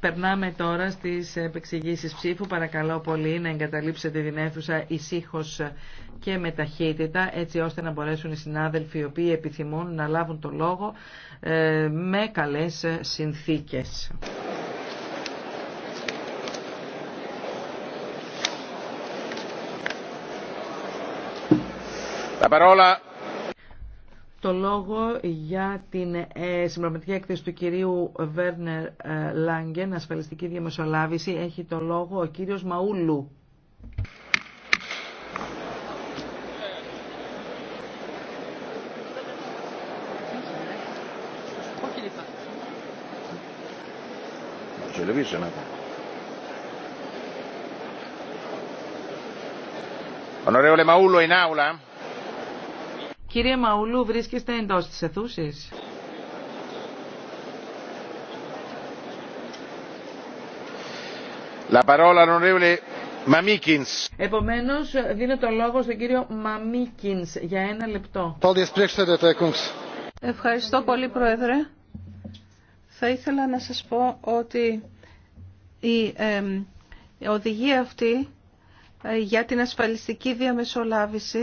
Περνάμε τώρα στις επεξηγήσεις ψήφου. Παρακαλώ πολύ να εγκαταλείψετε την αίθουσα ησύχω και με ταχύτητα, έτσι ώστε να μπορέσουν οι συνάδελφοι οι οποίοι επιθυμούν να λάβουν το λόγο ε, με καλές συνθήκες το λόγο για την ε, συμπραγματική έκθεση του κυρίου Βέρνερ ε, Λάγκεν, ασφαλιστική διαμεσολάβηση. Έχει το λόγο ο κύριος Μαούλου. Onorevole Maullo in aula. Κύριε Μαουλού, βρίσκεστε εντός της αιθούσης. La parola onorevole Mamikins. Επομένως, δίνω το λόγο στον κύριο Μαμίκινς για ένα λεπτό. Ευχαριστώ πολύ, Πρόεδρε. Θα ήθελα να σας πω ότι η, ε, η οδηγία αυτή ε, για την ασφαλιστική διαμεσολάβηση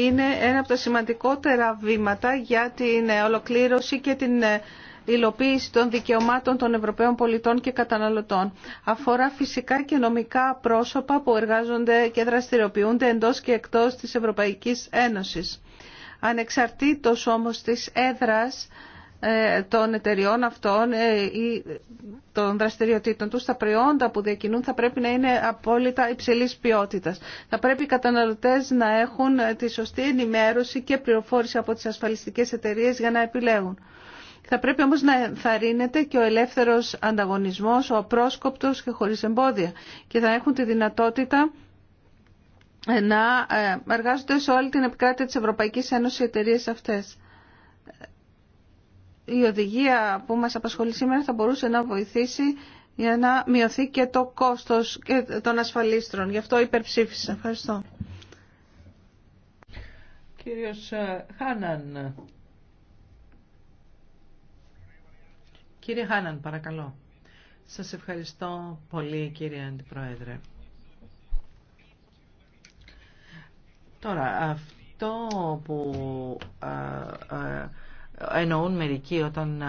είναι ένα από τα σημαντικότερα βήματα για την ε, ολοκλήρωση και την ε, υλοποίηση των δικαιωμάτων των Ευρωπαίων πολιτών και καταναλωτών. Αφορά φυσικά και νομικά πρόσωπα που εργάζονται και δραστηριοποιούνται εντός και εκτός της Ευρωπαϊκής Ένωσης. Ανεξαρτήτως όμως της έδρας ε, των εταιριών αυτών ε, ή των δραστηριοτήτων τους, τα προϊόντα που διακινούν θα πρέπει να είναι απόλυτα υψηλής ποιότητας. Θα πρέπει οι καταναλωτές να έχουν ε, τη σωστή ενημέρωση και πληροφόρηση από τις ασφαλιστικές εταιρείες για να επιλέγουν. Θα πρέπει όμως να ενθαρρύνεται και ο ελεύθερος ανταγωνισμός, ο απρόσκοπτος και χωρίς εμπόδια και θα έχουν τη δυνατότητα να εργάζονται σε όλη την επικράτεια της Ευρωπαϊκής Ένωσης οι εταιρείες αυτές η οδηγία που μας απασχολεί σήμερα θα μπορούσε να βοηθήσει για να μειωθεί και το κόστος των ασφαλίστρων. Γι' αυτό υπερψήφισα. Ευχαριστώ. Κύριος ε, Χάναν. Κύριε Χάναν, παρακαλώ. Σας ευχαριστώ πολύ, κύριε Αντιπρόεδρε. Τώρα, αυτό που ε, ε, εννοούν μερικοί όταν,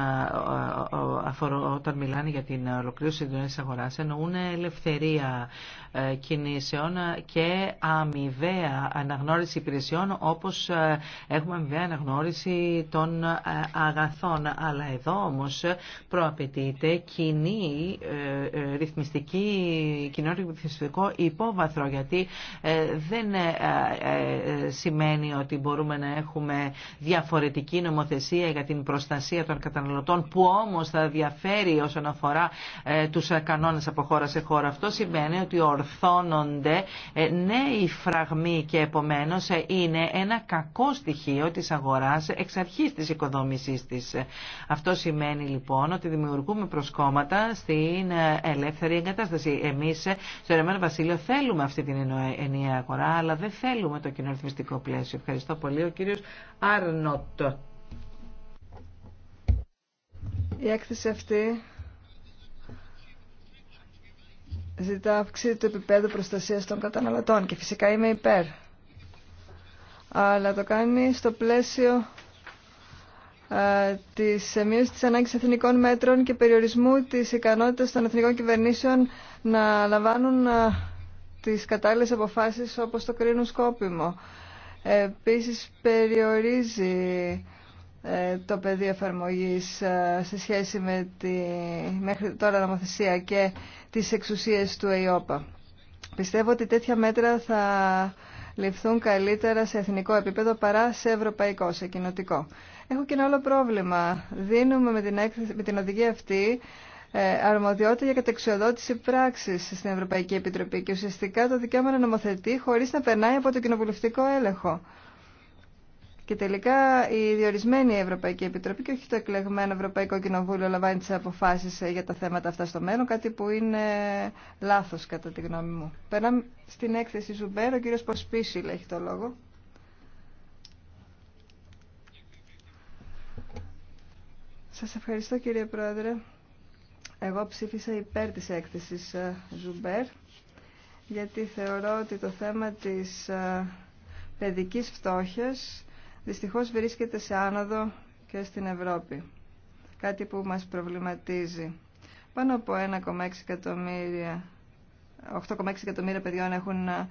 όταν μιλάνε για την ολοκλήρωση της κοινωνικής αγοράς, εννοούν ελευθερία ε, κινήσεων και αμοιβαία αναγνώριση υπηρεσιών όπως ε, έχουμε αμοιβαία αναγνώριση των ε, αγαθών. Αλλά εδώ όμως προαπαιτείται κοινή ρυθμιστική, κοινό ρυθμιστικό υπόβαθρο γιατί δεν σημαίνει ότι μπορούμε να έχουμε διαφορετική νομοθεσία για την προστασία των καταναλωτών που όμως θα διαφέρει όσον αφορά ε, τους κανόνες από χώρα σε χώρα. Αυτό σημαίνει ότι ορθώνονται ε, νέοι φραγμοί και επομένως ε, είναι ένα κακό στοιχείο της αγοράς εξ αρχής της οικοδόμησής της. Αυτό σημαίνει λοιπόν ότι δημιουργούμε προσκόμματα στην ελεύθερη εγκατάσταση. Εμείς στο Ερεμένο Βασίλειο θέλουμε αυτή την ενιαία αγορά, αλλά δεν θέλουμε το κοινορθμιστικό πλαίσιο. Ευχαριστώ πολύ. Ο κύριος Άρνοτ. Η έκθεση αυτή ζητά αύξηση του επίπεδου προστασίας των καταναλωτών και φυσικά είμαι υπέρ. Αλλά το κάνει στο πλαίσιο της μείωσης της ανάγκης εθνικών μέτρων και περιορισμού της ικανότητας των εθνικών κυβερνήσεων να λαμβάνουν τις κατάλληλες αποφάσεις όπως το κρίνουν σκόπιμο. Επίσης περιορίζει ε, το πεδίο εφαρμογής ε, σε σχέση με τη μέχρι τώρα νομοθεσία και τις εξουσίες του ΕΙΟΠΑ. Πιστεύω ότι τέτοια μέτρα θα ληφθούν καλύτερα σε εθνικό επίπεδο παρά σε ευρωπαϊκό, σε κοινοτικό. Έχω και ένα άλλο πρόβλημα. Δίνουμε με την, με την οδηγία αυτή ε, αρμοδιότητα για κατεξοδότηση πράξη στην Ευρωπαϊκή Επιτροπή και ουσιαστικά το δικαίωμα να νομοθετεί χωρί να περνάει από το κοινοβουλευτικό έλεγχο. Και τελικά η διορισμένη Ευρωπαϊκή Επιτροπή και όχι το εκλεγμένο Ευρωπαϊκό Κοινοβούλιο λαμβάνει τι αποφάσει ε, για τα θέματα αυτά στο μέλλον, κάτι που είναι λάθο κατά τη γνώμη μου. Περνάμε στην έκθεση Ζουμπέρ, ο κύριο Ποσπίσιλ έχει το λόγο. Σας ευχαριστώ κύριε Πρόεδρε. Εγώ ψήφισα υπέρ της έκθεσης ε, Ζουμπέρ γιατί θεωρώ ότι το θέμα της ε, παιδικής φτώχειας δυστυχώς βρίσκεται σε άνοδο και στην Ευρώπη. Κάτι που μας προβληματίζει. Πάνω από 1,6 εκατομμύρια, 8,6 εκατομμύρια παιδιών έχουν ε,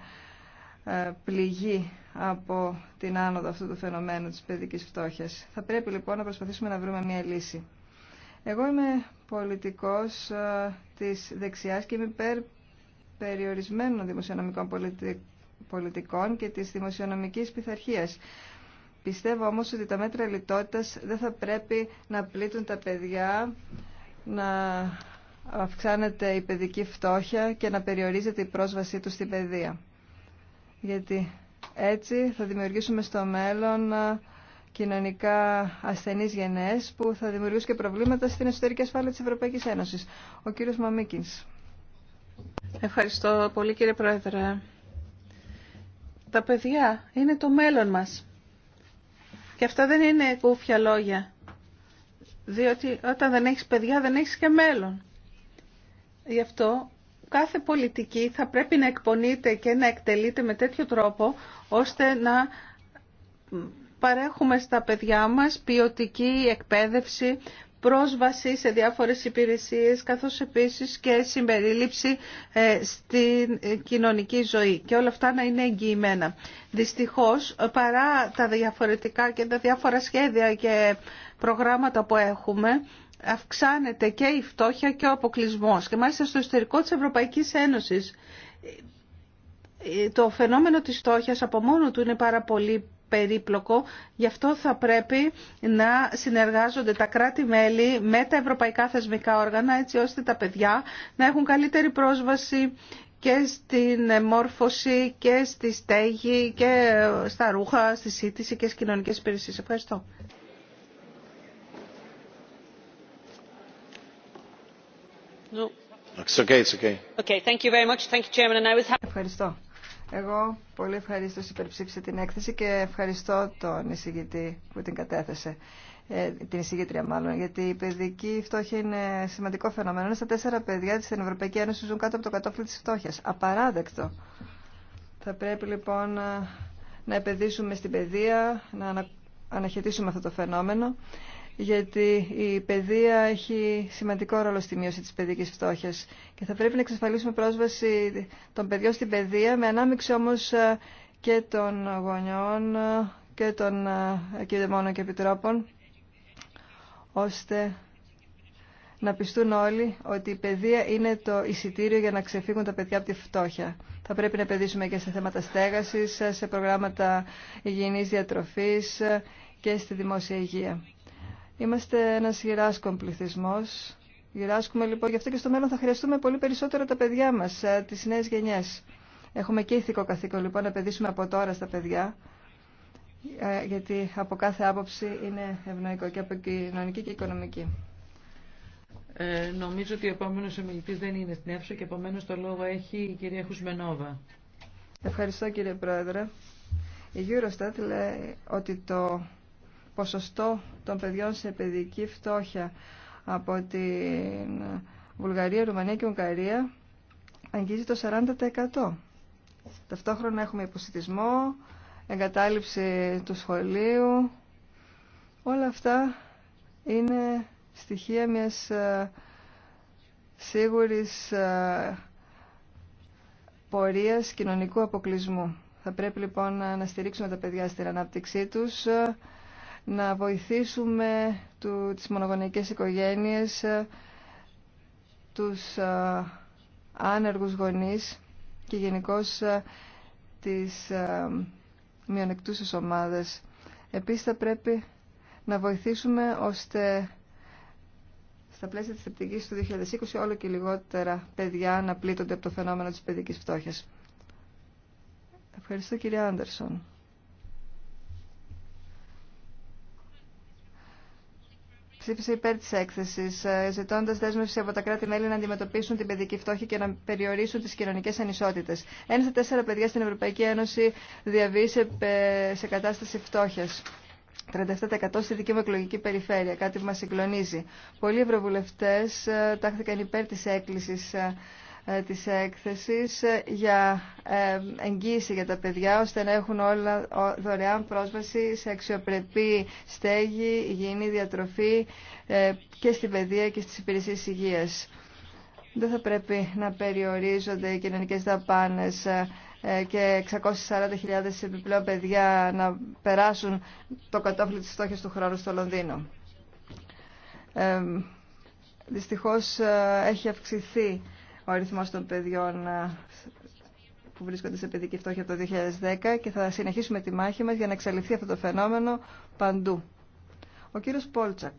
πληγεί από την άνοδο αυτού του φαινομένου της παιδικής φτώχειας. Θα πρέπει λοιπόν να προσπαθήσουμε να βρούμε μια λύση. Εγώ είμαι πολιτικός ε, της δεξιάς και είμαι υπέρ περιορισμένων δημοσιονομικών πολιτικών και της δημοσιονομικής πειθαρχίας. Πιστεύω όμως ότι τα μέτρα λιτότητας δεν θα πρέπει να πλήττουν τα παιδιά, να αυξάνεται η παιδική φτώχεια και να περιορίζεται η πρόσβασή τους στην παιδεία. Γιατί έτσι θα δημιουργήσουμε στο μέλλον κοινωνικά ασθενείς γενναίες που θα δημιουργήσουν και προβλήματα στην εσωτερική ασφάλεια της Ευρωπαϊκής Ένωσης. Ο κύριος Μαμίκινς. Ευχαριστώ πολύ κύριε Πρόεδρε. Τα παιδιά είναι το μέλλον μας. Και αυτά δεν είναι κούφια λόγια. Διότι όταν δεν έχεις παιδιά δεν έχεις και μέλλον. Γι' αυτό κάθε πολιτική θα πρέπει να εκπονείται και να εκτελείται με τέτοιο τρόπο ώστε να παρέχουμε στα παιδιά μας ποιοτική εκπαίδευση, πρόσβαση σε διάφορες υπηρεσίες, καθώς επίσης και συμπερίληψη ε, στην κοινωνική ζωή και όλα αυτά να είναι εγγυημένα. Δυστυχώς, παρά τα διαφορετικά και τα διάφορα σχέδια και προγράμματα που έχουμε, αυξάνεται και η φτώχεια και ο αποκλεισμό. Και μάλιστα στο ιστορικό της Ευρωπαϊκής Ένωσης ε, το φαινόμενο της φτώχειας από μόνο του είναι πάρα πολύ περίπλοκο, γι' αυτό θα πρέπει να συνεργάζονται τα κράτη-μέλη με τα ευρωπαϊκά θεσμικά όργανα, έτσι ώστε τα παιδιά να έχουν καλύτερη πρόσβαση και στην μόρφωση και στη στέγη και στα ρούχα, στη σύντηση και στις κοινωνικές υπηρεσίες. Ευχαριστώ. Εγώ πολύ ευχαρίστω υπερψήφισα την έκθεση και ευχαριστώ τον εισηγητή που την κατέθεσε. Ε, την εισηγήτρια μάλλον, γιατί η παιδική φτώχεια είναι σημαντικό φαινομένο. στα τέσσερα παιδιά της στην Ευρωπαϊκή Ένωση ζουν κάτω από το κατόφλι της φτώχειας. Απαράδεκτο. Θα πρέπει λοιπόν ε, να επενδύσουμε στην παιδεία, να αναχαιτήσουμε αυτό το φαινόμενο γιατί η παιδεία έχει σημαντικό ρόλο στη μείωση της παιδικής φτώχειας και θα πρέπει να εξασφαλίσουμε πρόσβαση των παιδιών στην παιδεία με ανάμειξη όμως ε, και των γονιών ε, και των ε, κυδεμόνων και επιτρόπων ώστε να πιστούν όλοι ότι η παιδεία είναι το εισιτήριο για να ξεφύγουν τα παιδιά από τη φτώχεια. Θα πρέπει να παιδίσουμε και σε θέματα στέγασης, σε προγράμματα υγιεινής διατροφής και στη δημόσια υγεία. Είμαστε ένα γυράσκον πληθυσμό. Γυράσκουμε λοιπόν, γι' αυτό και στο μέλλον θα χρειαστούμε πολύ περισσότερο τα παιδιά μα, ε, τι νέε γενιές. Έχουμε και ηθικό καθήκον λοιπόν να παιδίσουμε από τώρα στα παιδιά, ε, γιατί από κάθε άποψη είναι ευνοϊκό και από κοινωνική και οικονομική. Ε, νομίζω ότι ο επόμενο ομιλητή δεν είναι στην αίθουσα και επομένω το λόγο έχει η κυρία Χουσμενόβα. Ευχαριστώ κύριε Πρόεδρε. Η Eurostat λέει ότι το ποσοστό των παιδιών σε παιδική φτώχεια από την Βουλγαρία, Ρουμανία και Ουγγαρία αγγίζει το 40%. Ταυτόχρονα έχουμε υποσυτισμό, εγκατάλειψη του σχολείου. Όλα αυτά είναι στοιχεία μιας ε, σίγουρης ε, πορείας κοινωνικού αποκλεισμού. Θα πρέπει λοιπόν να στηρίξουμε τα παιδιά στην ανάπτυξή τους να βοηθήσουμε του, τις μονογονεϊκές οικογένειες, ε, τους ε, άνεργους γονείς και γενικώ ε, τις μειονεκτούσες ομάδες. Επίσης θα πρέπει να βοηθήσουμε ώστε στα πλαίσια της θεπτικής του 2020 όλο και λιγότερα παιδιά να πλήττονται από το φαινόμενο της παιδικής φτώχειας. Ευχαριστώ κύριε Άντερσον. ψήφισε υπέρ τη έκθεση, ε, ζητώντα δέσμευση από τα κράτη-μέλη να αντιμετωπίσουν την παιδική φτώχεια και να περιορίσουν τι κοινωνικέ ανισότητε. Ένα στα τέσσερα παιδιά στην Ευρωπαϊκή Ένωση διαβεί σε ε, κατάσταση φτώχεια. 37% στη δική μου εκλογική περιφέρεια, κάτι που μας συγκλονίζει. Πολλοί ευρωβουλευτέ ε, τάχθηκαν υπέρ τη έκκληση ε, της έκθεσης ε, για ε, εγγύηση για τα παιδιά ώστε να έχουν όλα δωρεάν πρόσβαση σε αξιοπρεπή στέγη, υγιεινή διατροφή και στην παιδεία και στις υπηρεσίες υγείας. Δεν θα πρέπει να περιορίζονται οι κοινωνικές δαπάνες και 640.000 επιπλέον παιδιά να περάσουν το κατόφλι της στόχης του χρόνου στο Λονδίνο. Ε, δυστυχώς έχει αυξηθεί ο αριθμός των παιδιών που βρίσκονται σε παιδική φτώχεια από το 2010 και θα συνεχίσουμε τη μάχη μας για να εξαλειφθεί αυτό το φαινόμενο παντού. Ο κύριος Πόλτσακ.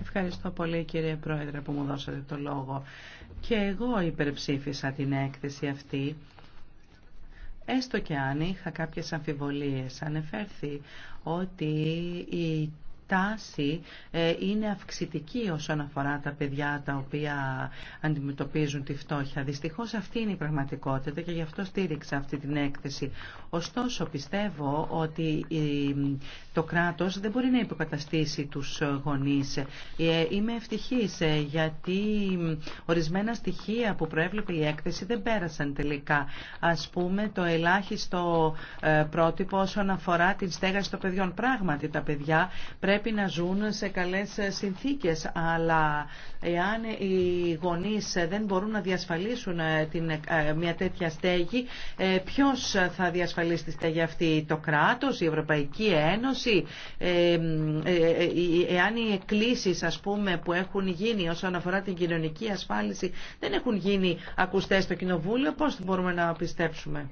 Ευχαριστώ πολύ κύριε Πρόεδρε που μου δώσατε το λόγο. Και εγώ υπερψήφισα την έκθεση αυτή έστω και αν είχα κάποιες αμφιβολίες, ανεφέρθη ότι η τάση ε, είναι αυξητική όσον αφορά τα παιδιά τα οποία αντιμετωπίζουν τη φτώχεια. Δυστυχώς αυτή είναι η πραγματικότητα και γι' αυτό στήριξα αυτή την έκθεση. Ωστόσο πιστεύω ότι ε, το κράτος δεν μπορεί να υποκαταστήσει τους γονείς. Ε, είμαι ευτυχής γιατί ορισμένα στοιχεία που προέβλεπε η έκθεση δεν πέρασαν τελικά. Ας πούμε το ελάχιστο πρότυπο όσον αφορά την στέγαση των παιδιών. Πράγματι τα παιδιά πρέπει πρέπει να ζουν σε καλές συνθήκες, αλλά εάν οι γονείς δεν μπορούν να διασφαλίσουν ε, την, ε, μια τέτοια στέγη, ε, ποιος θα διασφαλίσει τη στέγη αυτή, το κράτος, η Ευρωπαϊκή Ένωση, εάν οι εκκλήσεις ας πούμε που έχουν γίνει όσον αφορά την κοινωνική ασφάλιση δεν έχουν γίνει ακουστές στο Κοινοβούλιο, πώς μπορούμε να πιστέψουμε.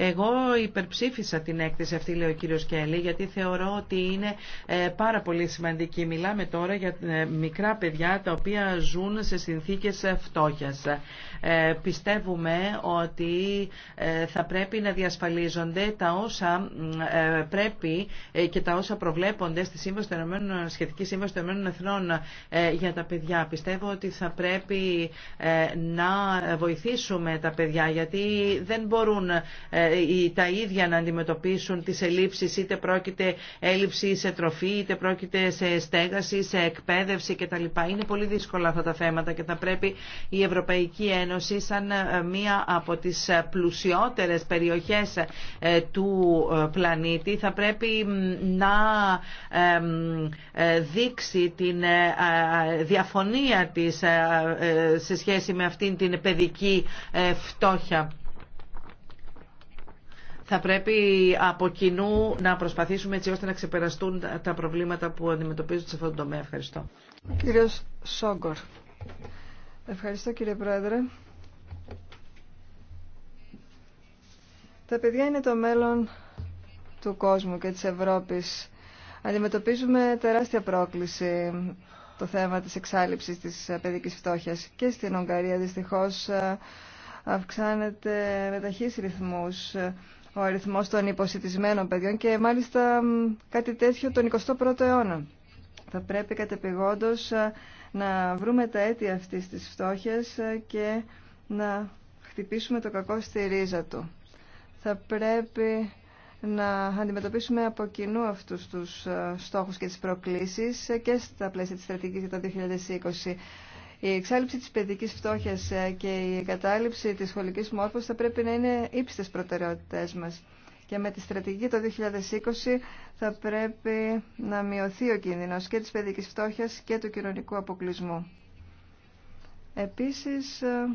Εγώ υπερψήφισα την έκθεση αυτή, λέει ο κύριος Κέλλη, γιατί θεωρώ ότι είναι ε, πάρα πολύ σημαντική. Μιλάμε τώρα για ε, μικρά παιδιά τα οποία ζουν σε συνθήκες ε, φτώχειας. Πιστεύουμε ότι θα πρέπει να διασφαλίζονται τα όσα πρέπει και τα όσα προβλέπονται στη Σύμβαση των Σχετική Σύμβαση των Ηνωμένων Εθνών για τα παιδιά. Πιστεύω ότι θα πρέπει να βοηθήσουμε τα παιδιά γιατί δεν μπορούν ε, τα ίδια να αντιμετωπίσουν τις ελλείψεις είτε πρόκειται έλλειψη σε τροφή είτε πρόκειται σε στέγαση, σε εκπαίδευση κτλ. Είναι πολύ δύσκολα αυτά τα θέματα και θα πρέπει η Ευρωπαϊκή Ένωση σαν ε, μία από τις πλουσιότερες περιοχές ε, του πλανήτη θα πρέπει να δείξει την διαφωνία της σε σχέση με αυτήν την παιδική φτώχεια θα πρέπει από κοινού να προσπαθήσουμε έτσι ώστε να ξεπεραστούν τα προβλήματα που αντιμετωπίζονται σε αυτό το τομέα. Ευχαριστώ. Σόγκορ. Ευχαριστώ κύριε Πρόεδρε. Τα παιδιά είναι το μέλλον του κόσμου και της Ευρώπης. Αντιμετωπίζουμε τεράστια πρόκληση το θέμα της εξάλληψης της παιδικής φτώχειας και στην Ουγγαρία δυστυχώς ε, αυξάνεται με ταχύς ρυθμούς ε, ο αριθμός των υποσυτισμένων παιδιών και μάλιστα κάτι τέτοιο τον 21ο αιώνα. Θα πρέπει κατεπηγόντως ε, να βρούμε τα αίτια αυτής της φτώχειας ε, και να χτυπήσουμε το κακό στη ρίζα του. Θα πρέπει να αντιμετωπίσουμε από κοινού αυτούς τους ε, στόχους και τις προκλήσεις και στα πλαίσια της στρατηγικής για το 2020 η εξάλληψη της παιδικής φτώχειας ε, και η εγκατάλειψη της σχολικής μόρφωσης θα πρέπει να είναι ύψιστες προτεραιότητές μας. Και με τη στρατηγική το 2020 θα πρέπει να μειωθεί ο κίνδυνος και της παιδικής φτώχειας και του κοινωνικού αποκλεισμού. Επίσης, ε,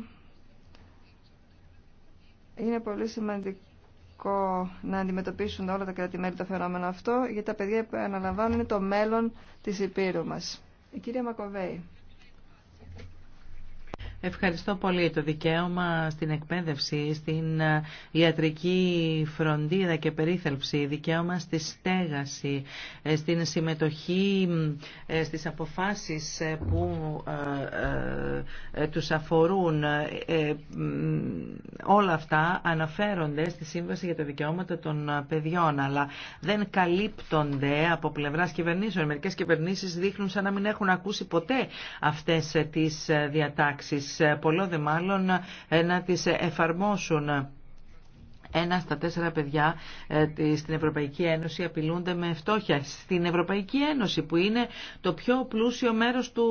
είναι πολύ σημαντικό να αντιμετωπίσουν όλα τα κρατη το φαινόμενο αυτό, γιατί τα παιδιά που αναλαμβάνουν είναι το μέλλον της Υπήρου μας. Η κυρία Μακοβέη. Ευχαριστώ πολύ. Το δικαίωμα στην εκπαίδευση, στην ε, ιατρική φροντίδα και περίθαλψη, δικαίωμα στη στέγαση, ε, στην συμμετοχή ε, στις αποφάσεις που τους αφορούν. Όλα αυτά αναφέρονται στη Σύμβαση για τα Δικαιώματα των Παιδιών, αλλά δεν καλύπτονται από πλευράς κυβερνήσεων. Μερικές κυβερνήσεις δείχνουν σαν να μην έχουν ακούσει ποτέ αυτές τις διατάξεις σε πολλό δε μάλλον ε, να τις εφαρμόσουν ένα στα τέσσερα παιδιά ε, στην Ευρωπαϊκή Ένωση απειλούνται με φτώχεια. Στην Ευρωπαϊκή Ένωση που είναι το πιο πλούσιο μέρος του,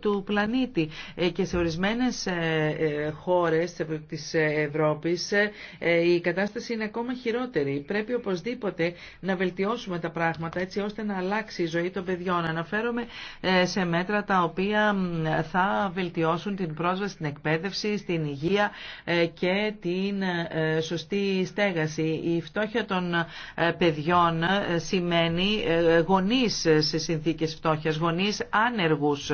του πλανήτη ε, και σε ορισμένες ε, χώρες της Ευρώπης η κατάσταση είναι ακόμα χειρότερη. Πρέπει οπωσδήποτε να βελτιώσουμε τα πράγματα έτσι ώστε να αλλάξει η ζωή των παιδιών. Αναφέρομαι σε μέτρα τα οποία θα βελτιώσουν την πρόσβαση στην εκπαίδευση, στην υγεία και την σωστή στέγαση. Η φτώχεια των ε, παιδιών ε, σημαίνει ε, γονείς σε συνθήκες φτώχειας, γονείς άνεργους.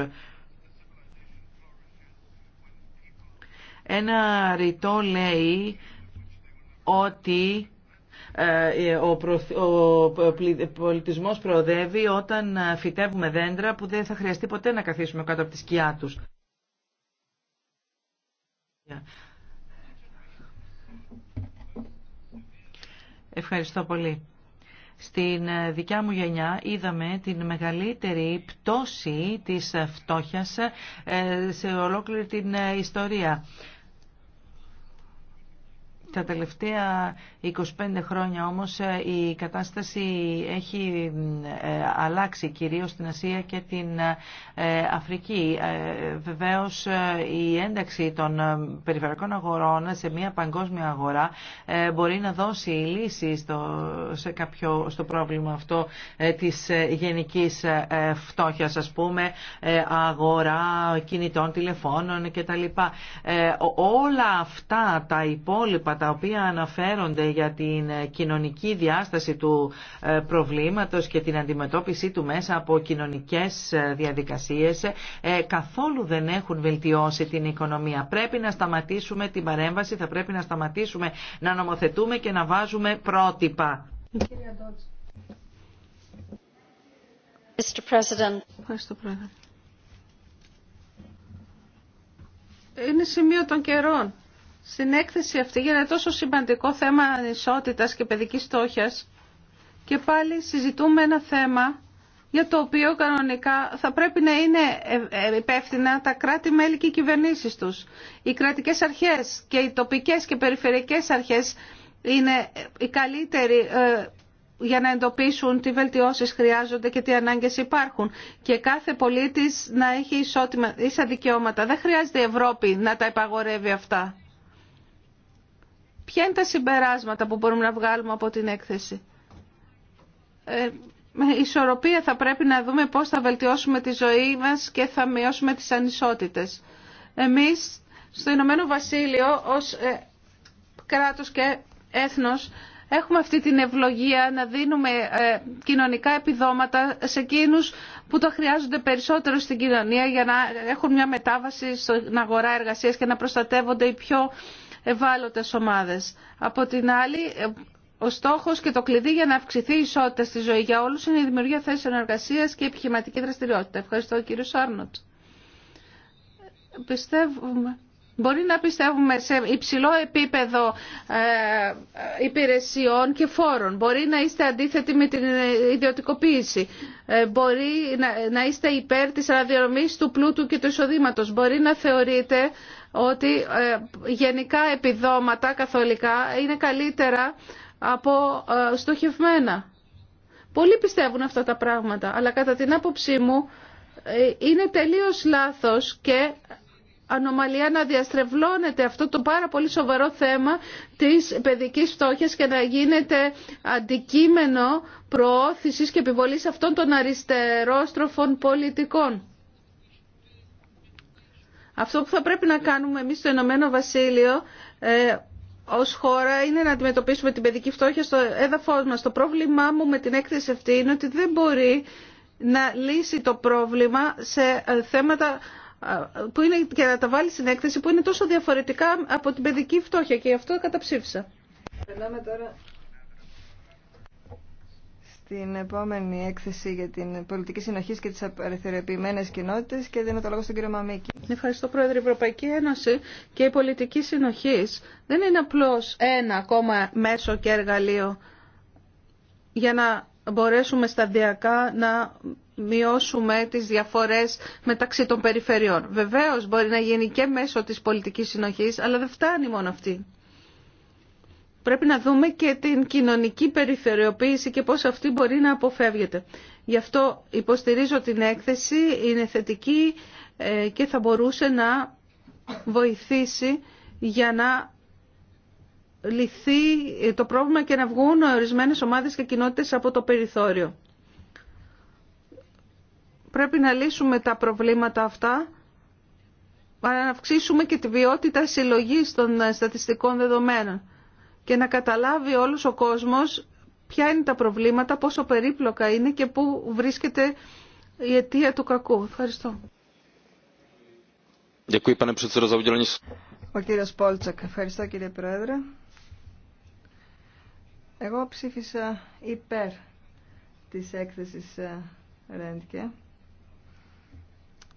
Ένα ρητό λέει ότι ο πολιτισμός προοδεύει όταν φυτεύουμε δέντρα που δεν θα χρειαστεί ποτέ να καθίσουμε κάτω από τη σκιά τους. Ευχαριστώ πολύ. Στην ε, δικιά μου γενιά είδαμε την μεγαλύτερη πτώση της ε, φτώχειας ε, σε ολόκληρη την ιστορία. Τα τελευταία 25 χρόνια όμως ε, η κατάσταση έχει ε, αλλάξει κυρίως στην Ασία και την ε, Αφρική. Βεβαίως η ένταξη των περιφερειακών αγορών σε μια παγκόσμια αγορά μπορεί να δώσει λύση στο, σε κάποιο, στο πρόβλημα αυτό της γενικής φτώχειας ας πούμε αγορά κινητών τηλεφώνων κτλ. Όλα αυτά τα υπόλοιπα τα οποία αναφέρονται για την κοινωνική διάσταση του ε, προβλήματος και την αντιμετώπιση του μέσα από κοινωνικές ε, διαδικασίες ε, καθόλου δεν έχουν βελτιώσει την οικονομία. Πρέπει να σταματήσουμε την παρέμβαση, θα πρέπει να σταματήσουμε να νομοθετούμε και να βάζουμε πρότυπα. Είναι σημείο των καιρών στην έκθεση αυτή για ένα τόσο σημαντικό θέμα ανισότητας και παιδικής στόχιας και πάλι συζητούμε ένα θέμα για το οποίο κανονικά θα πρέπει να είναι ε, ε, υπεύθυνα τα κράτη-μέλη και οι κυβερνήσεις τους. Οι κρατικές αρχές και οι τοπικές και περιφερειακές αρχές είναι οι καλύτεροι ε, για να εντοπίσουν τι βελτιώσεις χρειάζονται και τι ανάγκες υπάρχουν και κάθε πολίτης να έχει ισότιμα, ίσα δικαιώματα. Δεν χρειάζεται η Ευρώπη να τα υπαγορεύει αυτά. Ποια είναι τα συμπεράσματα που μπορούμε να βγάλουμε από την έκθεση. Ε, με ισορροπία θα πρέπει να δούμε πώς θα βελτιώσουμε τη ζωή μας και θα μειώσουμε τις ανισότητες. Εμείς στο Ηνωμένο Βασίλειο ως ε, κράτος και έθνος έχουμε αυτή την ευλογία να δίνουμε ε, κοινωνικά επιδόματα σε εκείνους που τα χρειάζονται περισσότερο στην κοινωνία για να έχουν μια μετάβαση στην αγορά εργασίας και να προστατεύονται οι πιο ευάλωτες ομάδες. Από την άλλη, ο στόχος και το κλειδί για να αυξηθεί η ισότητα στη ζωή για όλους είναι η δημιουργία θέσεων εργασίας και η επιχειρηματική δραστηριότητα. Ευχαριστώ κύριο Σάρνοτ. Πιστεύουμε. Μπορεί να πιστεύουμε σε υψηλό επίπεδο ε, ε, υπηρεσιών και φόρων. Μπορεί να είστε αντίθετοι με την ιδιωτικοποίηση. Ε, μπορεί να είστε υπέρ της αναδιορμής του πλούτου και του εισοδήματος. Μπορεί να θεωρείτε ότι ε, γενικά επιδόματα καθολικά είναι καλύτερα από ε, στοχευμένα. Πολλοί πιστεύουν αυτά τα πράγματα, αλλά κατά την άποψή μου ε, είναι τελείως λάθος και ανομαλία να διαστρεβλώνεται αυτό το πάρα πολύ σοβαρό θέμα της παιδικής φτώχειας και να γίνεται αντικείμενο προώθησης και επιβολής αυτών των αριστερόστροφων πολιτικών. Αυτό που θα πρέπει να κάνουμε εμείς στο Ηνωμένο Βασίλειο ε, ως χώρα είναι να αντιμετωπίσουμε την παιδική φτώχεια στο έδαφος μας. Το πρόβλημά μου με την έκθεση αυτή είναι ότι δεν μπορεί να λύσει το πρόβλημα σε ε, θέματα ε, που είναι, και να τα βάλει στην έκθεση που είναι τόσο διαφορετικά από την παιδική φτώχεια και γι' αυτό καταψήφισα την επόμενη έκθεση για την πολιτική συνοχή και τι απελευθερωποιημένε κοινότητε και δίνω το λόγο στον κύριο Μαμίκη. Ευχαριστώ, Πρόεδρε. Η Ευρωπαϊκή Ένωση και η πολιτική συνοχή δεν είναι απλώ ένα ακόμα μέσο και εργαλείο για να μπορέσουμε σταδιακά να μειώσουμε τις διαφορές μεταξύ των περιφερειών. Βεβαίως μπορεί να γίνει και μέσω της πολιτικής συνοχής, αλλά δεν φτάνει μόνο αυτή πρέπει να δούμε και την κοινωνική περιφερειοποίηση και πώς αυτή μπορεί να αποφεύγεται. Γι' αυτό υποστηρίζω την έκθεση, είναι θετική ε, και θα μπορούσε να βοηθήσει για να λυθεί το πρόβλημα και να βγουν ορισμένες ομάδες και κοινότητες από το περιθώριο. Πρέπει να λύσουμε τα προβλήματα αυτά, αλλά να αυξήσουμε και τη βιότητα συλλογής των στατιστικών δεδομένων και να καταλάβει όλος ο κόσμος ποια είναι τα προβλήματα, πόσο περίπλοκα είναι και πού βρίσκεται η αιτία του κακού. Ευχαριστώ. Ο κύριος Πόλτσακ. Ευχαριστώ κύριε Πρόεδρε. Εγώ ψήφισα υπέρ της έκθεσης ε, Ρέντκε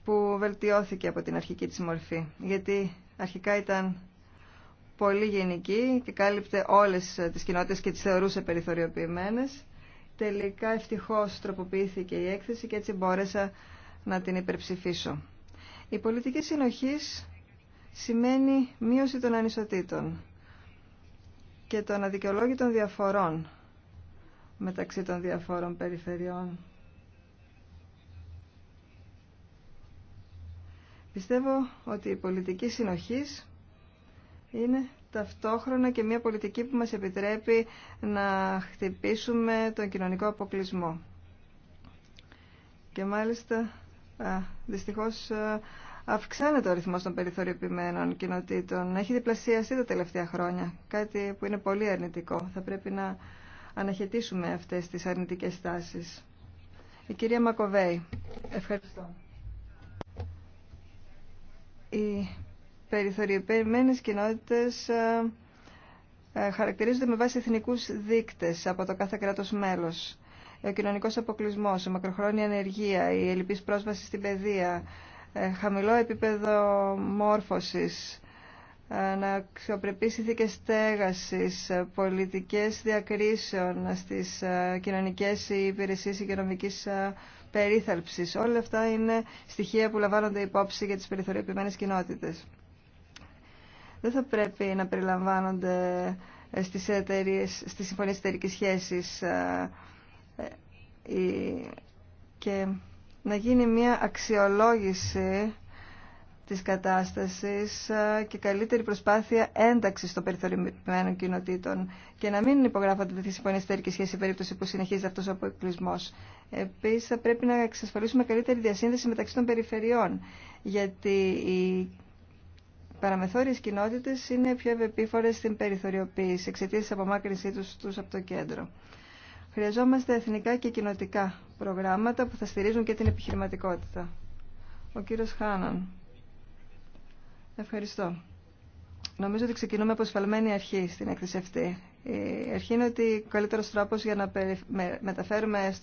που βελτιώθηκε από την αρχική της μορφή γιατί αρχικά ήταν πολύ γενική και κάλυπτε όλες ε, τις κοινότητες και τις θεωρούσε περιθωριοποιημένες. Τελικά ευτυχώς τροποποιήθηκε η έκθεση και έτσι μπόρεσα να την υπερψηφίσω. Η πολιτική συνοχής σημαίνει μείωση των ανισοτήτων και των αδικαιολόγητων διαφορών μεταξύ των διαφόρων περιφερειών. Πιστεύω ότι η πολιτική συνοχής είναι ταυτόχρονα και μια πολιτική που μας επιτρέπει να χτυπήσουμε τον κοινωνικό αποκλεισμό. Και μάλιστα, α, δυστυχώς, αυξάνεται ο αριθμός των περιθωριοποιημένων κοινοτήτων. Έχει διπλασιαστεί τα τελευταία χρόνια, κάτι που είναι πολύ αρνητικό. Θα πρέπει να αναχαιτήσουμε αυτές τις αρνητικές τάσεις. Η κυρία Μακοβέη. Ευχαριστώ περιθωριοποιημένες κοινότητες ε, ε, χαρακτηρίζονται με βάση εθνικούς δείκτες από το κάθε κράτος μέλος. Ο κοινωνικός αποκλεισμός, η μακροχρόνια ανεργία, η ελλειπής πρόσβαση στην παιδεία, ε, χαμηλό επίπεδο μόρφωσης, αξιοπρεπεί συνθήκες στέγασης, πολιτικές διακρίσεων στις κοινωνικές υπηρεσίες υγειονομική περίθαλψης. Όλα αυτά είναι στοιχεία που λαμβάνονται υπόψη για τις περιθωριοποιημένες κοινότητες δεν θα πρέπει να περιλαμβάνονται στις, εταιρείες, στις συμφωνίες εταιρικής σχέσης ε, ε, και να γίνει μια αξιολόγηση της κατάστασης ε, και καλύτερη προσπάθεια ένταξης των περιθωριμένων κοινοτήτων και να μην υπογράφονται τέτοιες συμφωνίες εταιρικής σχέσης σε περίπτωση που συνεχίζεται αυτός ο αποκλεισμό. Επίσης θα πρέπει να εξασφαλίσουμε καλύτερη διασύνδεση μεταξύ των περιφερειών γιατί η παραμεθόριες κοινότητες είναι πιο ευεπίφορες στην περιθωριοποίηση εξαιτία της απομάκρυνσή τους, από το κέντρο. Χρειαζόμαστε εθνικά και κοινοτικά προγράμματα που θα στηρίζουν και την επιχειρηματικότητα. Ο κύριος Χάναν. Ευχαριστώ. Νομίζω ότι ξεκινούμε από σφαλμένη αρχή στην έκθεση αυτή. Η αρχή είναι ότι ο καλύτερο τρόπο για να μεταφέρουμε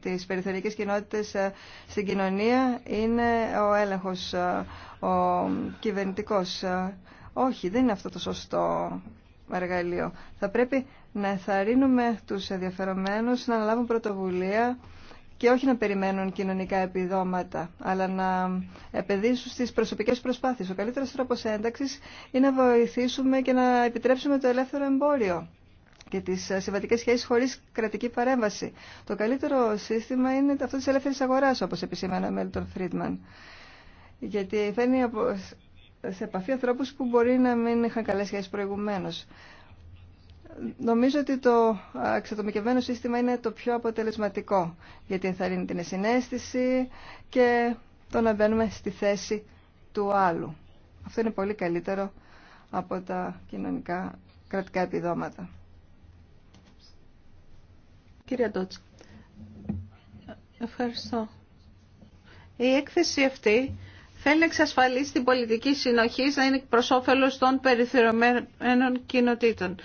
τι τις κοινότητε ε, στην κοινωνία είναι ο έλεγχο, ε, ο κυβερνητικό. Ε, όχι, δεν είναι αυτό το σωστό εργαλείο. Θα πρέπει να εθαρρύνουμε τους ενδιαφερομένου να αναλάβουν πρωτοβουλία και όχι να περιμένουν κοινωνικά επιδόματα, αλλά να επενδύσουν στις προσωπικές προσπάθειες. Ο καλύτερος τρόπος ένταξης είναι να βοηθήσουμε και να επιτρέψουμε το ελεύθερο εμπόριο και τι ε, συμβατικέ σχέσει χωρί κρατική παρέμβαση. Το καλύτερο σύστημα είναι αυτό τη ελεύθερη αγορά, όπω επισήμανε ο Μέλτον Φρίντμαν. Γιατί φέρνει σε επαφή ανθρώπου που μπορεί να μην είχαν καλέ σχέσει προηγουμένω. Νομίζω ότι το εξατομικευμένο σύστημα είναι το πιο αποτελεσματικό, γιατί θα είναι την συνέστηση και το να μπαίνουμε στη θέση του άλλου. Αυτό είναι πολύ καλύτερο από τα κοινωνικά κρατικά επιδόματα. Η έκθεση αυτή θέλει να εξασφαλίσει την πολιτική συνοχή να είναι προ όφελο των περιθωριομένων κοινοτήτων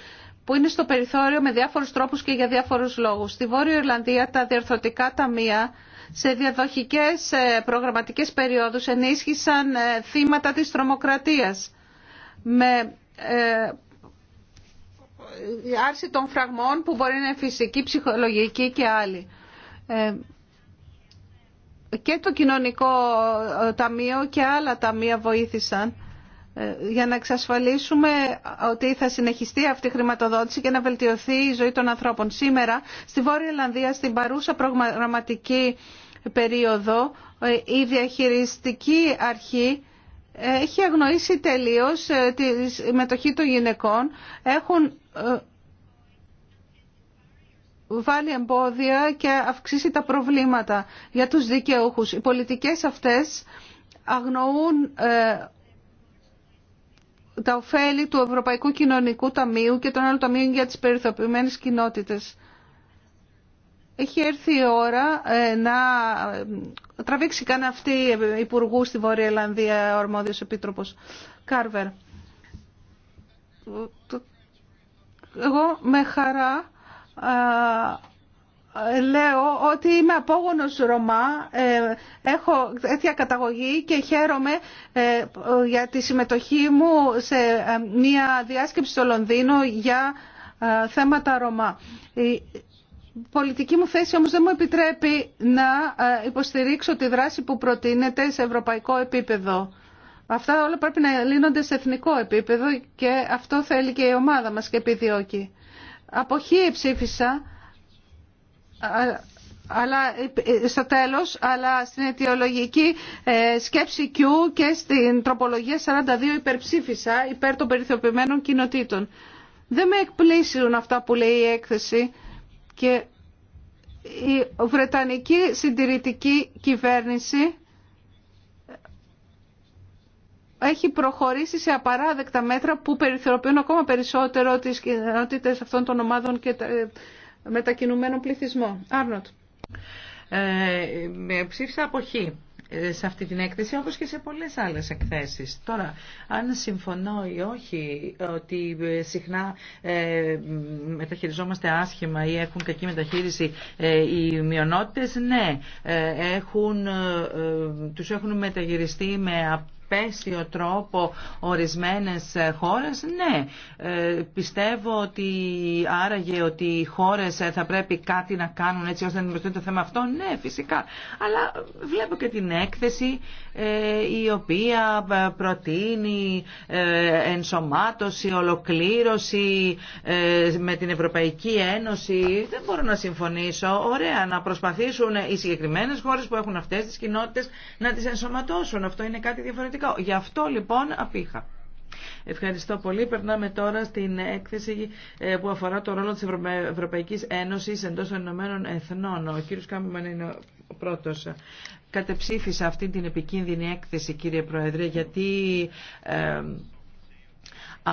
που είναι στο περιθώριο με διάφορους τρόπους και για διάφορους λόγους. Στη Βόρεια Ιρλανδία τα διορθωτικά ταμεία σε διαδοχικές ε, προγραμματικές περιόδους ενίσχυσαν ε, θύματα της τρομοκρατίας με ε, η άρση των φραγμών που μπορεί να είναι φυσική, ψυχολογική και άλλη. Ε, και το κοινωνικό ε, ταμείο και άλλα ταμεία βοήθησαν ε, για να εξασφαλίσουμε ότι θα συνεχιστεί αυτή η χρηματοδότηση και να βελτιωθεί η ζωή των ανθρώπων. Σήμερα στη Βόρεια Ελλανδία, στην παρούσα προγραμματική περίοδο, η διαχειριστική αρχή έχει αγνοήσει τελείως τη συμμετοχή των γυναικών. Έχουν ε, βάλει εμπόδια και αυξήσει τα προβλήματα για τους δικαιούχους. Οι πολιτικές αυτές αγνοούν ε, τα ωφέλη του Ευρωπαϊκού Κοινωνικού Ταμείου και των άλλων ταμείων για τις περιθωριοποιημένες κοινότητες. Έχει έρθει η ώρα ε, να τραβήξει καν αυτή η Υπουργού στη Βόρεια Ελλανδία, ο Αρμόδιος Επίτροπος Κάρβερ εγώ με χαρά λέω ότι είμαι απόγονος Ρωμά, ε, έχω τέτοια καταγωγή και χαίρομαι ε, για τη συμμετοχή μου σε ε, μια διάσκεψη στο Λονδίνο για θέματα Ρωμά. Η πολιτική μου θέση όμως δεν μου επιτρέπει να υποστηρίξω τη δράση που προτείνεται σε ευρωπαϊκό επίπεδο. Αυτά όλα πρέπει να λύνονται σε εθνικό επίπεδο και αυτό θέλει και η ομάδα μας και επιδιώκει. Αποχή ψήφισα, αλλά στο τέλος, αλλά στην αιτιολογική ε, σκέψη Q και στην τροπολογία 42 υπερψήφισα υπέρ των περιθωπημένων κοινοτήτων. Δεν με εκπλήσουν αυτά που λέει η έκθεση και η Βρετανική συντηρητική κυβέρνηση έχει προχωρήσει σε απαράδεκτα μέτρα που περιθωριοποιούν ακόμα περισσότερο τις κοινότητες αυτών των ομάδων και ε, μετακινουμένων πληθυσμών. Άρνοτ. Ε, ψήφισα αποχή ε, σε αυτή την έκθεση όπως και σε πολλές άλλες εκθέσεις. Τώρα, αν συμφωνώ ή όχι ότι ε, συχνά μεταχειριζόμαστε άσχημα ή έχουν κακή μεταχείριση οι μειονότητες, ναι, ε, έχουν, τους έχουν μεταγυριστεί με πέσιο τρόπο ορισμένες χώρες, ναι. Ε, πιστεύω ότι άραγε ότι οι χώρες ε, θα πρέπει κάτι να κάνουν έτσι ώστε να το θέμα αυτό, ναι φυσικά. Αλλά βλέπω και την έκθεση ε, η οποία προτείνει ενσωμάτωση, ολοκλήρωση με την Ευρωπαϊκή Ένωση. Δεν μπορώ να συμφωνήσω. Ωραία, να προσπαθήσουν οι συγκεκριμένες χώρες που έχουν αυτές τις κοινότητες να τις ενσωματώσουν. Αυτό είναι κάτι διαφορετικό. Γι' αυτό λοιπόν απήχα. Ευχαριστώ πολύ. Περνάμε τώρα στην έκθεση ε, που αφορά το ρόλο της Ευρωπαϊκής Ένωσης εντός των Ηνωμένων Εθνών. Ο κύριος Κάμπημαν είναι ο πρώτος. Κατεψήφισα αυτή την επικίνδυνη έκθεση, κύριε Πρόεδρε, γιατί... Ε,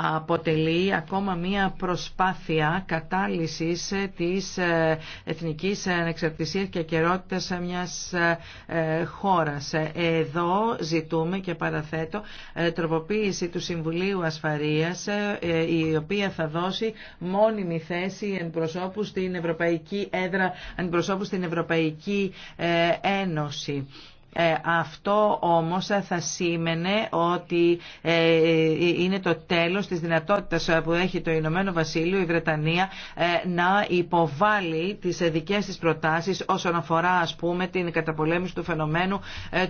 αποτελεί ακόμα μία προσπάθεια κατάλυσης της ε, εθνικής ανεξαρτησίας και ακερότητας μιας ε, χώρας. Εδώ ζητούμε και παραθέτω ε, τροποποίηση του Συμβουλίου Ασφαρίας η οποία θα δώσει μόνιμη θέση προσώπου στην Ευρωπαϊκή Έδρα, αντιπροσώπου στην Ευρωπαϊκή Ένωση. Ε, αυτό όμως θα σήμαινε ότι ε, είναι το τέλος της δυνατότητας που έχει το Ηνωμένο Βασίλειο, η Βρετανία, ε, να υποβάλει τις δικές της προτάσεις όσον αφορά ας πούμε την καταπολέμηση του φαινομένου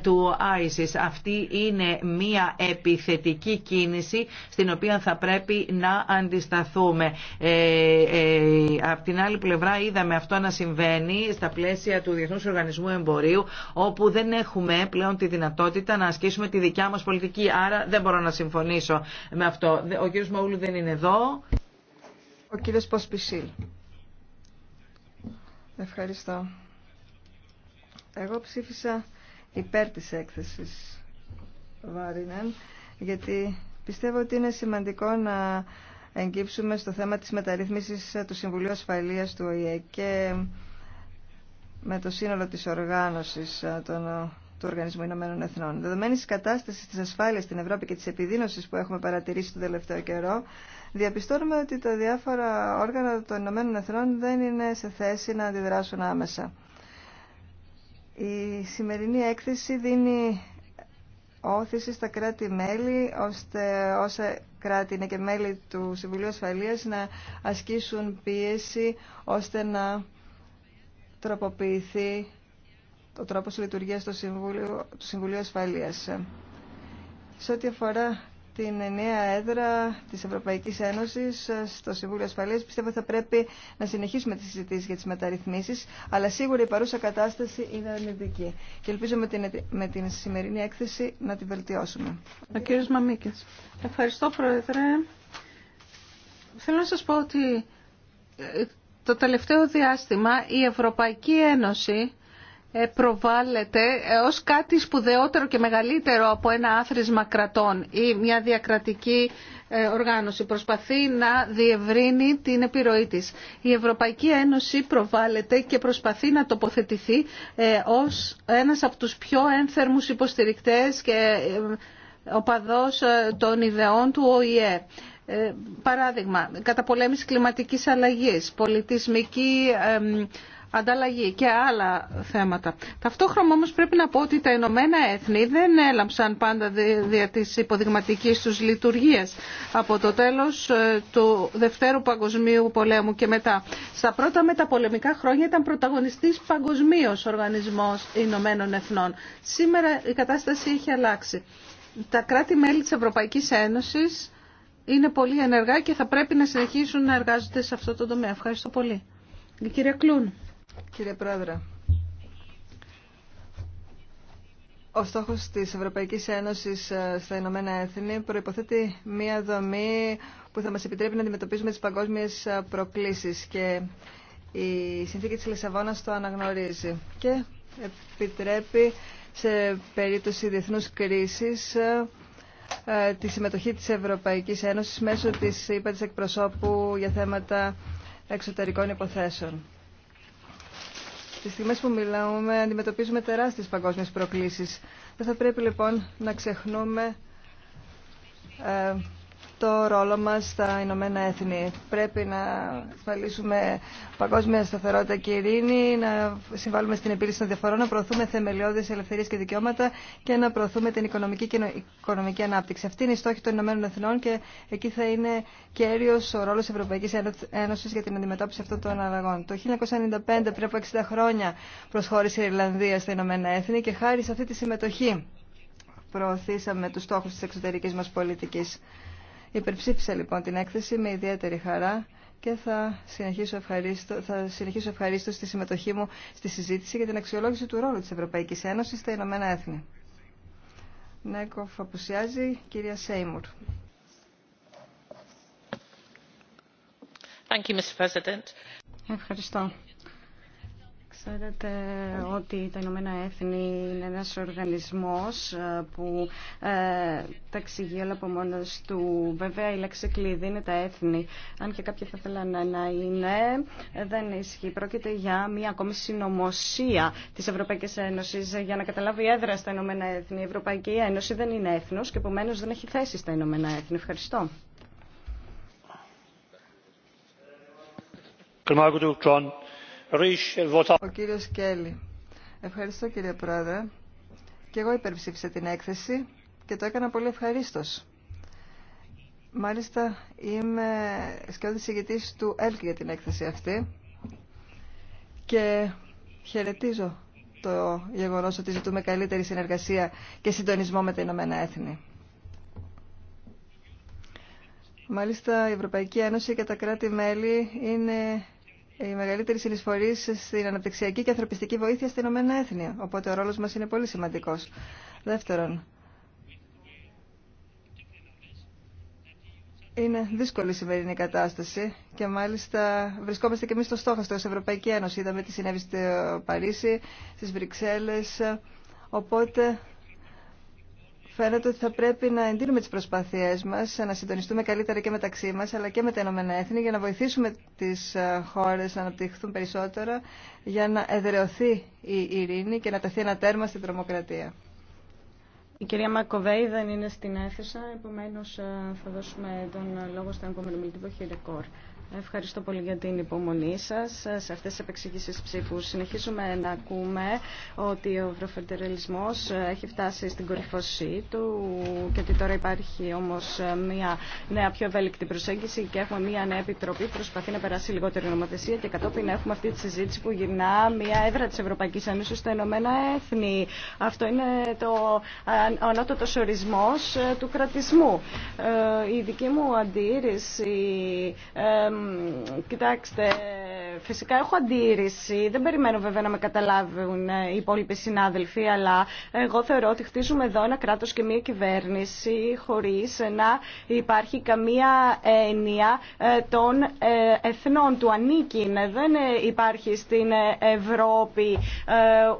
του ISIS. Αυτή είναι μια επιθετική κίνηση στην οποία θα πρέπει να αντισταθούμε. Απ' την άλλη πλευρά είδαμε αυτό να συμβαίνει στα πλαίσια του Διεθνούς Οργανισμού Εμπορίου όπου δεν έχουμε έχουμε πλέον τη δυνατότητα να ασκήσουμε τη δικιά μας πολιτική. Άρα δεν μπορώ να συμφωνήσω με αυτό. Ο κύριος Μαούλου δεν είναι εδώ. Ο κύριος Πασπισίλ. Ευχαριστώ. Εγώ ψήφισα υπέρ της έκθεσης Βάρινεν, γιατί πιστεύω ότι είναι σημαντικό να εγκύψουμε στο θέμα της μεταρρύθμισης του Συμβουλίου Ασφαλείας του ΟΗΕ και με το σύνολο της οργάνωσης των του Οργανισμού Ηνωμένων Εθνών. Δεδομένη τη κατάσταση τη ασφάλεια στην Ευρώπη και τη επιδείνωση που έχουμε παρατηρήσει τον τελευταίο καιρό, διαπιστώνουμε ότι τα διάφορα όργανα των Ηνωμένων Εθνών δεν είναι σε θέση να αντιδράσουν άμεσα. Η σημερινή έκθεση δίνει όθηση στα κράτη-μέλη, ώστε όσα κράτη είναι και μέλη του Συμβουλίου Ασφαλείας να ασκήσουν πίεση, ώστε να τροποποιηθεί το τρόπο λειτουργία του Συμβουλίου, του Συμβουλίου Ασφαλείας. Σε ό,τι αφορά την νέα έδρα της Ευρωπαϊκής Ένωσης ε, στο Συμβούλιο Ασφαλείας. Πιστεύω ότι θα πρέπει να συνεχίσουμε τις συζητήσεις για τις μεταρρυθμίσεις, αλλά σίγουρα η παρούσα κατάσταση είναι αρνητική. Και ελπίζω με την, με την σημερινή έκθεση να την βελτιώσουμε. Ο κύριος Ευχαριστώ, Πρόεδρε. Θέλω να σας πω ότι ε, το τελευταίο διάστημα η Ευρωπαϊκή Ένωση ε, προβάλλεται ως κάτι σπουδαιότερο και μεγαλύτερο από ένα άθροισμα κρατών ή μια διακρατική ε, οργάνωση. Προσπαθεί να διευρύνει την επιρροή της. Η Ευρωπαϊκή Ένωση προβάλλεται και προσπαθεί να τοποθετηθεί ε, ως ένας από τους πιο ένθερμους υποστηρικτές και οπαδός των ιδεών του ΟΗΕ. Παράδειγμα, καταπολέμηση κλιματικής αλλαγής, πολιτισμική ανταλλαγή και άλλα θέματα. Ταυτόχρονα όμως πρέπει να πω ότι τα Ηνωμένα Έθνη δεν έλαμψαν πάντα δια της υποδειγματικής τους λειτουργίας από το τέλος ε, του Δευτέρου Παγκοσμίου Πολέμου και μετά. Στα πρώτα μεταπολεμικά χρόνια ήταν πρωταγωνιστής παγκοσμίω οργανισμός Ηνωμένων Εθνών. Σήμερα η κατάσταση έχει αλλάξει. Τα κράτη-μέλη της Ευρωπαϊκής Ένωσης είναι πολύ ενεργά και θα πρέπει να συνεχίσουν να εργάζονται σε αυτό το τομέα. Ευχαριστώ πολύ. Η κυρία Κλούν. Κύριε Πρόεδρε, ο στόχος της Ευρωπαϊκής Ένωσης ε, στα Ηνωμένα Έθνη προϋποθέτει μία δομή που θα μας επιτρέπει να αντιμετωπίζουμε τις παγκόσμιες ε, προκλήσεις και η συνθήκη της Λισαβόνας το αναγνωρίζει και επιτρέπει σε περίπτωση διεθνούς κρίσης ε, τη συμμετοχή της Ευρωπαϊκής Ένωσης μέσω της είπα της εκπροσώπου για θέματα εξωτερικών υποθέσεων. Στις στιγμές που μιλάμε αντιμετωπίζουμε τεράστιες παγκόσμιες προκλήσεις. Δεν θα πρέπει λοιπόν να ξεχνούμε ε, το ρόλο μας στα Ηνωμένα Έθνη. Πρέπει να ασφαλίσουμε παγκόσμια σταθερότητα και ειρήνη, να συμβάλλουμε στην επίλυση των διαφορών, να προωθούμε θεμελιώδεις ελευθερίες και δικαιώματα και να προωθούμε την οικονομική και οικονομική ανάπτυξη. Αυτή είναι η στόχη των Ηνωμένων Εθνών και εκεί θα είναι κέριος ο ρόλος Ευρωπαϊκής Ένωσης για την αντιμετώπιση αυτών των αλλαγών. Το 1995, πριν από 60 χρόνια, προσχώρησε η Ιρλανδία στα Ηνωμένα Έθνη και χάρη σε αυτή τη συμμετοχή προωθήσαμε τους στόχους της εξωτερικής μας πολιτικής. Υπερψήφισα λοιπόν την έκθεση με ιδιαίτερη χαρά και θα συνεχίσω ευχαρίστω, θα συνεχίσω ευχαρίστω στη συμμετοχή μου στη συζήτηση για την αξιολόγηση του ρόλου της Ευρωπαϊκής Ένωσης στα Ηνωμένα Έθνη. Νέκοφ απουσιάζει, κυρία Σέιμουρ. Ευχαριστώ. Ξέρετε ότι τα Ηνωμένα Έθνη είναι ένας οργανισμός ε, που ε, εξηγεί όλα από μόνος του. Βέβαια η λέξη κλειδί είναι τα έθνη. Αν και κάποιοι θα θέλαν να είναι, ε, δεν ισχύει. Πρόκειται για μια ακόμη συνωμοσία της Ευρωπαϊκής Ένωσης για να καταλάβει έδρα στα Ηνωμένα Έθνη. Η Ευρωπαϊκή Ένωση δεν είναι έθνος και επομένω δεν έχει θέση στα Ηνωμένα Έθνη. Ευχαριστώ. Ευχαριστώ. Ο κύριος Κέλλη. Ευχαριστώ κύριε Πρόεδρε. Και εγώ υπερψήφισα την έκθεση και το έκανα πολύ ευχαριστώ. Μάλιστα είμαι σκέδος ηγητής του ΕΛΚ για την έκθεση αυτή και χαιρετίζω το γεγονός ότι ζητούμε καλύτερη συνεργασία και συντονισμό με τα Ηνωμένα Έθνη. Μάλιστα η Ευρωπαϊκή Ένωση και τα κράτη-μέλη είναι οι μεγαλύτεροι συνεισφορεί στην αναπτυξιακή και ανθρωπιστική βοήθεια στην ΟΕΕ. Έθνη. Οπότε ο ρόλο μα είναι πολύ σημαντικό. Δεύτερον, είναι δύσκολη η σημερινή κατάσταση και μάλιστα βρισκόμαστε και εμεί στο στόχαστρο ω Ευρωπαϊκή Ένωση. Είδαμε τι συνέβη στο Παρίσι, στι Βρυξέλλε. Οπότε Φαίνεται ότι θα πρέπει να εντείνουμε τι προσπάθειέ μα, να συντονιστούμε καλύτερα και μεταξύ μα, αλλά και με τα Ηνωμένα Έθνη, για να βοηθήσουμε τι ε, χώρε να αναπτυχθούν περισσότερο, για να εδρεωθεί η ειρήνη και να τεθεί ένα τέρμα στην τρομοκρατία. Η κυρία Μακοβέη δεν είναι στην αίθουσα, επομένω ε, θα δώσουμε τον λόγο στον επόμενο μιλητή, έχει Ευχαριστώ πολύ για την υπομονή σα σε αυτέ τι επεξηγήσει ψήφου. Συνεχίζουμε να ακούμε ότι ο ευρωφεντερελισμό έχει φτάσει στην κορυφωσή του και ότι τώρα υπάρχει όμω μια νέα πιο ευέλικτη προσέγγιση και έχουμε μια νέα επιτροπή που προσπαθεί να περάσει λιγότερη νομοθεσία και κατόπιν έχουμε αυτή τη συζήτηση που γυρνά μια έδρα τη Ευρωπαϊκή Ένωση, στα Ηνωμένα Έθνη. Αυτό είναι το, ο ανώτατος ορισμό του κρατισμού. Ε, η δική μου αντίρρηση ε, κοιτάξτε, φυσικά έχω αντίρρηση. Δεν περιμένω βέβαια να με καταλάβουν ε, οι υπόλοιποι συνάδελφοι, αλλά εγώ θεωρώ ότι χτίζουμε εδώ ένα κράτος και μια κυβέρνηση χωρίς να υπάρχει καμία έννοια ε, των ε, εθνών του ανήκει. Δεν υπάρχει στην Ευρώπη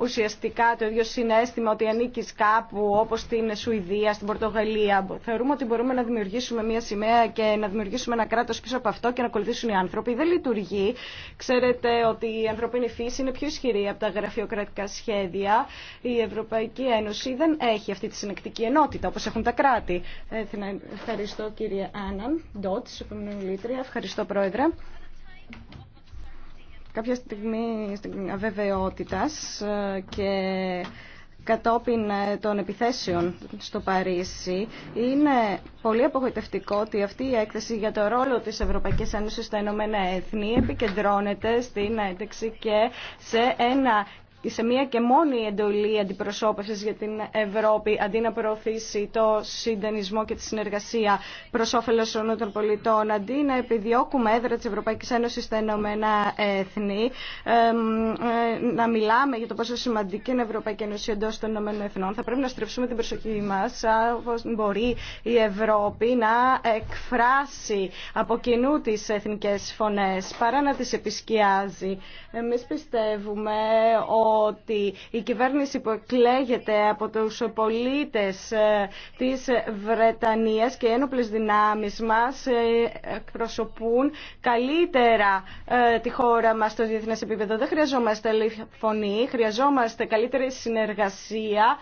ουσιαστικά το ίδιο συνέστημα ότι ανήκεις κάπου όπως στην Σουηδία, στην Πορτογαλία. Θεωρούμε ότι μπορούμε να δημιουργήσουμε μια σημαία και να δημιουργήσουμε ένα κράτος πίσω από αυτό και να ακολουθήσουν οι άνθρωποι. Δεν λειτουργεί. Ξέρετε ότι η ανθρωπίνη φύση είναι πιο ισχυρή από τα γραφειοκρατικά σχέδια. Η Ευρωπαϊκή Ένωση δεν έχει αυτή τη συνεκτική ενότητα όπως έχουν τα κράτη. Ε, ευχαριστώ κύριε Άννα Ντότ, Λίτρια. Ευχαριστώ πρόεδρε κάποια στιγμή στην αβεβαιότητας ε, και κατόπιν ε, των επιθέσεων στο Παρίσι. Είναι πολύ απογοητευτικό ότι αυτή η έκθεση για το ρόλο της Ευρωπαϊκής Ένωσης στα Ηνωμένα Έθνη επικεντρώνεται στην ένταξη και σε ένα σε μία και μόνη εντολή αντιπροσώπευσης για την Ευρώπη αντί να προωθήσει το συντενισμό και τη συνεργασία προς όφελος των πολιτών αντί να επιδιώκουμε έδρα της Ευρωπαϊκής Ένωσης στα Ηνωμένα Έθνη ε, να μιλάμε για το πόσο σημαντική είναι η Ευρωπαϊκή Ένωση εντό των Ηνωμένων Εθνών θα πρέπει να στρεψούμε την προσοχή μας όπως μπορεί η Ευρώπη να εκφράσει από κοινού τις εθνικές φωνές παρά να τις επισκιάζει. Εμείς πιστεύουμε ότι η κυβέρνηση που εκλέγεται από τους πολίτες ε, της Βρετανίας και ένοπλες δυνάμεις μας ε, εκπροσωπούν καλύτερα ε, τη χώρα μας στο διεθνές επίπεδο. Δεν χρειαζόμαστε φωνή, χρειαζόμαστε καλύτερη συνεργασία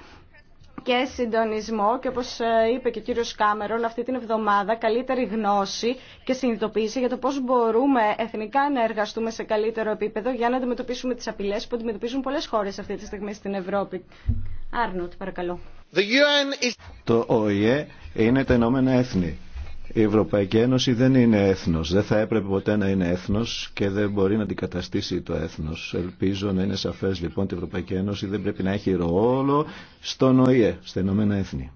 και συντονισμό και όπως ε, είπε και ο κύριος Κάμερον αυτή την εβδομάδα καλύτερη γνώση και συνειδητοποίηση για το πώς μπορούμε εθνικά να εργαστούμε σε καλύτερο επίπεδο για να αντιμετωπίσουμε τις απειλές που αντιμετωπίζουν πολλές χώρες αυτή τη στιγμή στην Ευρώπη. Άρνοτ, παρακαλώ. Το ΟΗΕ είναι τα Ηνωμένα Έθνη η Ευρωπαϊκή Ένωση δεν είναι έθνος, δεν θα έπρεπε ποτέ να είναι έθνος και δεν μπορεί να αντικαταστήσει το έθνος. Ελπίζω να είναι σαφές λοιπόν ότι η Ευρωπαϊκή Ένωση δεν πρέπει να έχει ρόλο στον ΟΗΕ, στα Ηνωμένα Έθνη.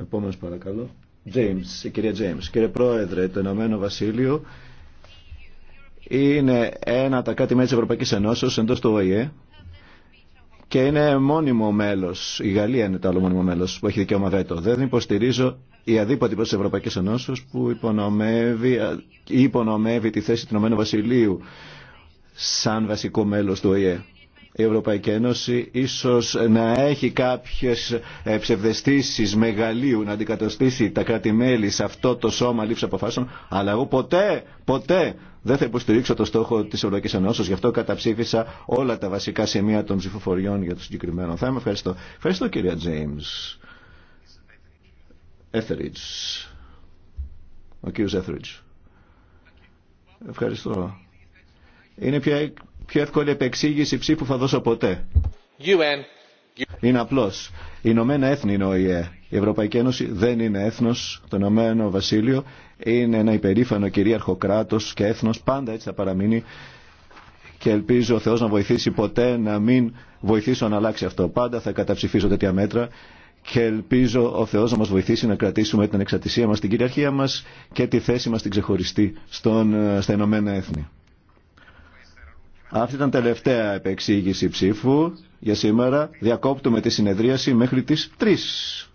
Επόμενος παρακαλώ. James, η κυρία James. Κύριε Πρόεδρε, το Ηνωμένο Βασίλειο είναι ένα από τα κάτι μέλη της Ευρωπαϊκής Ενώσεως εντός του ΟΗΕ και είναι μόνιμο μέλο. Η Γαλλία είναι το άλλο μόνιμο μέλο που έχει δικαίωμα βέτο. Δεν υποστηρίζω η αδίποτη προ τη Ευρωπαϊκή Ενώσεω που υπονομεύει, υπονομεύει τη θέση του Ηνωμένου Βασιλείου σαν βασικό μέλο του ΟΗΕ η Ευρωπαϊκή Ένωση ίσως να έχει κάποιες ε, ψευδεστήσεις μεγαλείου να αντικαταστήσει τα κράτη-μέλη σε αυτό το σώμα λήψη αποφάσεων αλλά εγώ ποτέ, ποτέ δεν θα υποστηρίξω το στόχο της Ευρωπαϊκής Ένωσης. γι' αυτό καταψήφισα όλα τα βασικά σημεία των ψηφοφοριών για το συγκεκριμένο θέμα. Ευχαριστώ. Ευχαριστώ κυρία Τζέιμς. Etheridge. Ο κύριος Etheridge. Ευχαριστώ. Είναι πια πιο εύκολη επεξήγηση ψήφου θα δώσω ποτέ. UN. Είναι απλώ. Η Ηνωμένα Έθνη είναι ο ΙΕ. Η Ευρωπαϊκή Ένωση δεν είναι έθνο. Το Ηνωμένο Βασίλειο είναι ένα υπερήφανο κυρίαρχο κράτο και έθνο, Πάντα έτσι θα παραμείνει και ελπίζω ο Θεό να βοηθήσει ποτέ να μην βοηθήσω να αλλάξει αυτό. Πάντα θα καταψηφίσω τέτοια μέτρα και ελπίζω ο Θεό να μας βοηθήσει να κρατήσουμε την εξατησία μα την κυριαρχία μα και τη θέση μα την ξεχωριστή στον, ε, στα Ηνωμένα Έθνη. Αυτή ήταν τελευταία επεξήγηση ψήφου για σήμερα. Διακόπτουμε τη συνεδρίαση μέχρι τις 3.